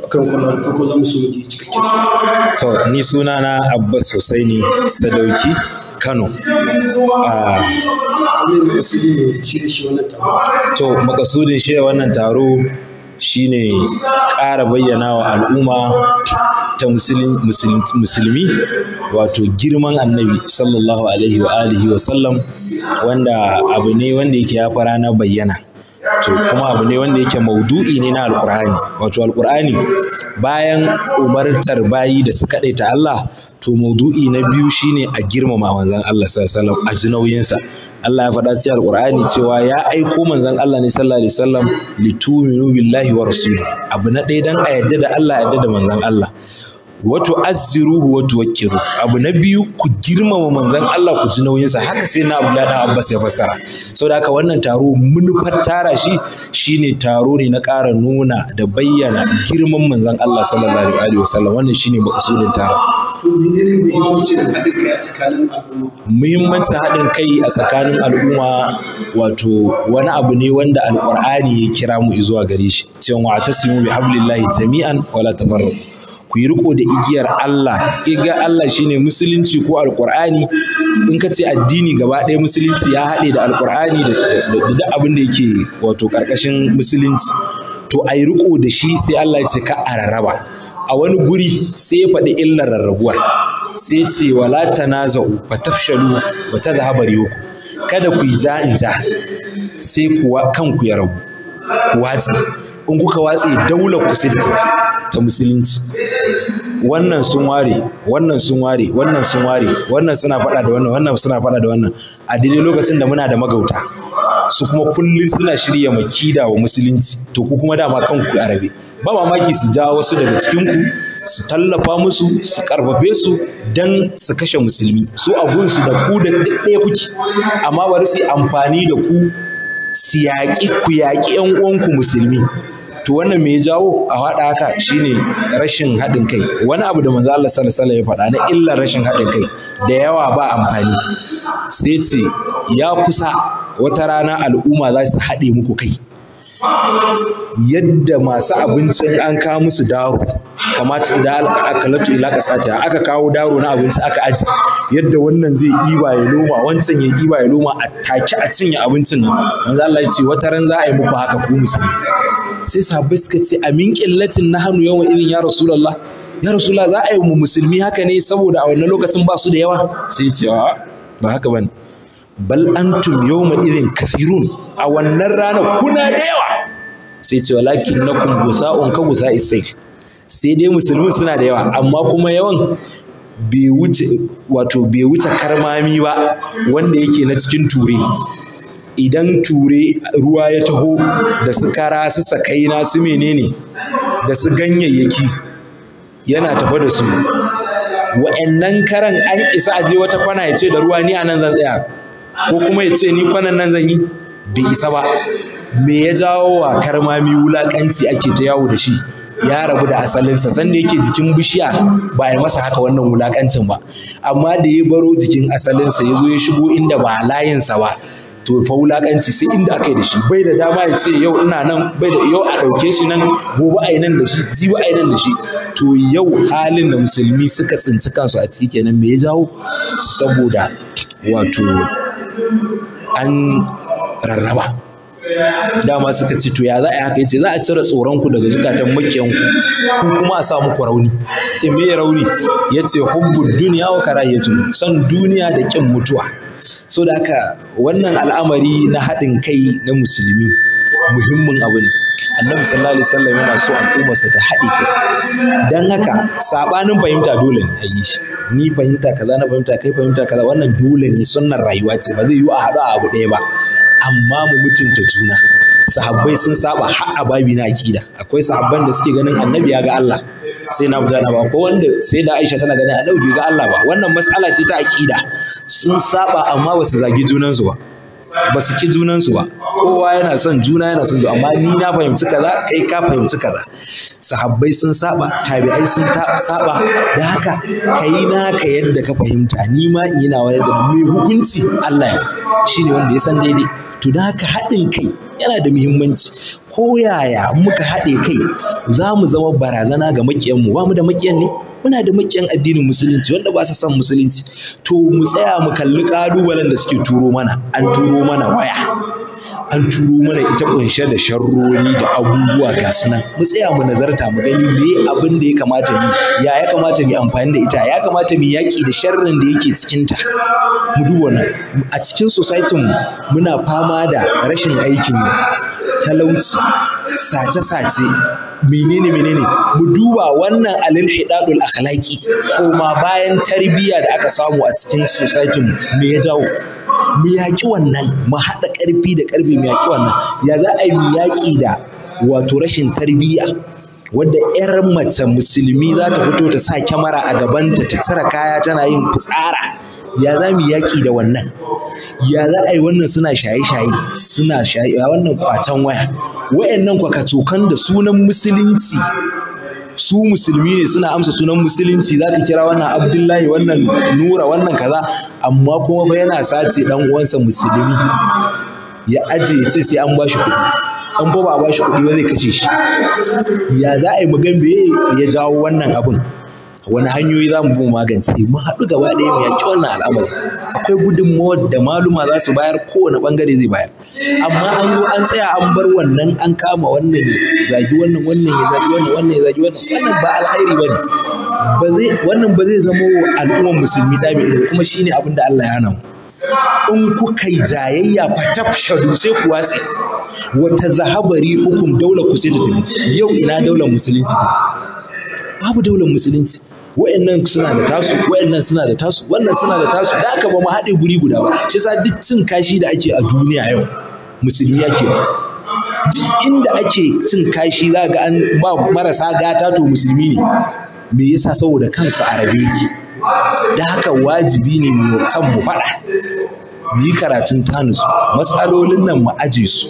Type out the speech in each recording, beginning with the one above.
akan wannan farko za mu so ji to ni suna na Abbas Husaini Sadauki Kano ah, to makasudin shi wannan taro shine ƙara bayyana wa al'umma ta musulmi wato girman annabi sallallahu alaihi wa alihi wa sallam wanda abu ne wanda yake ya fara na bayyana to kuma abu ne wanda yake maudu'i ne na Alƙur'ani? wato alkur'ani bayan umartar bayi da su ta Allah to maudu'i na biyu shine a girmama manzon Allah sallallahu alaihi a ji nauyinsa Allah ya faɗa cikin alkur'ani cewa ya aiko manzon Allah ne sallallahu alaihi wasallam lituminu billahi wa rasuli abu na ɗaya dan a yadda da Allah yadda da manzon Allah wato azziruhu wato wakiru abu na biyu ku girmama manzon Allah ku ji nauyinsa haka sai na Abdullahi dan Abbas ya fassara saboda haka wannan taro munufar tara shi shine taro ne na ƙara nuna da bayyana girman manzon Allah sallallahu alaihi wasallam wannan shine maƙasudin taron muhimmancin haɗin kai a tsakanin al'umma wato wani abu ne wanda alƙur'ani ya kira mu zuwa gare shi cewa wa tasimu bi jami'an wala tafarraqu ku yi riko da igiyar Allah igiyar Allah shine musulunci ko alkur'ani in ka ce addini gaba ɗaya musulunci ya haɗe da alkur'ani da duk abin da yake wato ƙarƙashin musulunci to a yi riko da shi sai Allah ya ce ka a rarraba a wani guri sai ya faɗi illar rarrabuwar sai ce wala tanaza'u fatafshalu wa tadhhabu riyukum kada ku yi ja'inja sai kuwa kanku ya rabu ku watsi in kuka watsi daular ku sai ta musulunci wannan sun ware wannan sun ware wannan sun ware wannan suna faɗa da wannan wannan suna faɗa da wannan a daidai lokacin da muna da magauta su kuma kullum suna shirya makida wa musulunci to ku kuma dama kanku a rabe ba mamaki su ja wasu daga cikin ku su tallafa musu su karfafe su dan su kashe musulmi su su da ku da ɗaya kuke amma bari su amfani da ku su yaƙi ku yaƙi 'yan uwanku musulmi to wannan me ya jawo a haɗa haka shine rashin haɗin kai wani abu da manzo Allah sallallahu alaihi ya faɗa na illar rashin haɗin kai da yawa ba amfani sai ce ya kusa wata rana al'umma za su haɗe muku kai yadda masu abincin an kawo musu daro kamata idan akalatu ila kasata aka kawo daro na abinci aka aji yadda wannan zai iba ya loma wancan ya iba ya loma a take a cinye abincin nan manzo Allah ya ce wata ran za a yi muku haka ku musulmi sai sahabbai suka ce amin na hannu yawan irin ya Allah. ya rasulullah za a yi mu musulmi haka ne saboda a wannan lokacin ba su da yawa sai ce ba haka bane bal antum yawma irin kathirun a wannan rana kuna da yawa sai ce walakin na kun gusa on ka gusa isai sai dai musulmi suna da yawa amma kuma yawan bai wuce wato bai wuce karmami ba wanda yake na cikin ture idan ture ruwa ya taho da su kara su sakaina su menene da su ganyayyaki yana tafa da su wa'annan karan an isa aje wata kwana ya ce da ruwa ni a nan zan tsaya ko kuma ya ce ni kwanan nan zan yi bai isa ba me ya jawo wa karmami wulakanci ake ta yawo da shi ya rabu da asalinsa da yake jikin bishiya ba a masa haka wannan wulakancin ba amma da ya baro jikin asalinsa ya zo ya shigo inda ba layinsa ba to fa wulakanci sai inda aka yi da shi bai da dama ya ce yau ina nan bai da yau a ɗauke shi nan gobe a nan da shi jiwa a nan da shi to yau halin da musulmi suka tsinci kansu a ciki kenan me ya jawo saboda wato an rarraba dama suka ce to ya za a yi haka ce? za a cire tsoron ku daga zukatan makiyan ku kuma a sa muku rauni ce me rauni ya ce hubbud dunya wa karahiyatul san duniya da kin mutuwa so da haka wannan al'amari na haɗin kai na musulmi muhimmin abu ne annabi sallallahu alaihi wasallam yana so al'ummarsa ta haɗe kai dan haka sabanin fahimta dole ne a yi shi ni fahimta kaza na fahimta kai fahimta kaza wannan dole ne sunnar rayuwa ce ba zai yiwu a haɗu a abu ɗaya ba amma mu mutunta juna sahabbai sun saba har a babi na akida akwai sahabban da suke ganin annabi ya ga Allah sai na ba ko wanda sai da Aisha tana ganin annabi ga Allah ba wannan mas'ala ce ta akida sun saba amma ba su zagi junansu ba ba su ki junansu ba kowa yana son juna yana son amma ni na fahimci kaza kai ka fahimci kaza sahabbai sun saba tabi'ai sun saba da haka kai naka yadda ka fahimta ni ma in yana wayar da mai hukunci Allah ne shine wanda ya san daidai to da haka haɗin kai yana da muhimmanci ko yaya muka haɗe kai za mu zama barazana ga makiyanmu, ba mu da makiyan ne muna da makiyan addinin musulunci wanda ba sa son musulunci to mu tsaya mu kalli ƙalubalen da suke turo mana an turo mana waya an turo mana ita kunshe da sharroni da abubuwa ga nan mu tsaya mu nazarta mu gani me abin da ya kamata mu ya ya kamata mu amfani da ita ya kamata mu yaki da sharrin da yake cikin ta mu duba nan a cikin society mu muna fama da rashin aikin talauci sace-sace menene menene mu duba wannan alil hidadul akhlaqi koma bayan tarbiyya da aka samu a cikin society me ya jawo mu yaki wannan mu haɗa ƙarfi da ƙarfi mu yaki wannan ya za a yi yaƙi da wato rashin tarbiyya wadda 'yar mace musulmi za ta fito ta sa kyamara a gabanta ta cire kaya tana yin fitsara ya za mu yaƙi da wannan ya za a yi wannan suna shaye-shaye suna shaye wannan kwatan waya wayannan kwakatokan da sunan musulunci su musulmi ne suna amsa sunan musulunci za ka kira wannan abdullahi wannan nura wannan kaza amma kuma ba yana sace dan uwansa musulmi ya aje ya ce sai an bashi kuɗi an ba ba bashi kuɗi ba zai kace shi ya za a yi magan ya jawo wannan abun wani hanyoyi za mu bi mu magance mu haɗu gaba ɗaya mu yaƙi wannan al'amari akwai gudunmawar da maluma za su bayar kowane bangare zai bayar amma an zo an tsaya an bar wannan an kama wannan ya zagi wannan wannan ya zagi wannan wannan ya zagi wannan wannan ba alkhairi bane ba zai wannan ba zai zama al'ummar musulmi da mai ido kuma shine abin da Allah ya nan in kuka yi jayayya tafshadu sai ku watse wata zahabari hukum daular ku sai ta tafi yau ina daular musulunci babu daular musulunci wa'annan suna da tasu wa'annan suna da tasu wannan suna da tasu da aka ba mu haɗe guri guda ba shi yasa duk cin kashi da ake a duniya yau musulmi ake ba duk inda ake cin kashi za ga an ba marasa gata to musulmi ne me yasa saboda kansu a yake? da haka wajibi ne mu kan mu faɗa mu yi karatun tanus matsalolin nan mu aje su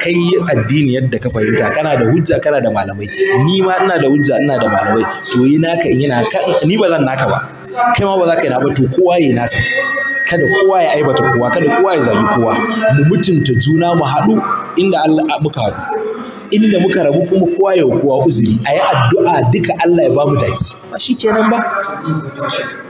kai addini yadda ka fahimta kana da hujja kana da malamai ni ma ina da hujja ina da malamai to yi naka in yana ni ba zan naka ba kai ma ba za ka yi na ba to kowa ya nasa kada kowa ya aibata kowa kada kowa ya zagi kowa mu mutunta juna mu haɗu inda Allah muka haɗu inda muka rabu kuma kowa ya kowa uzuri a yi addu'a duka Allah ya ba mu dace ba shikenan ba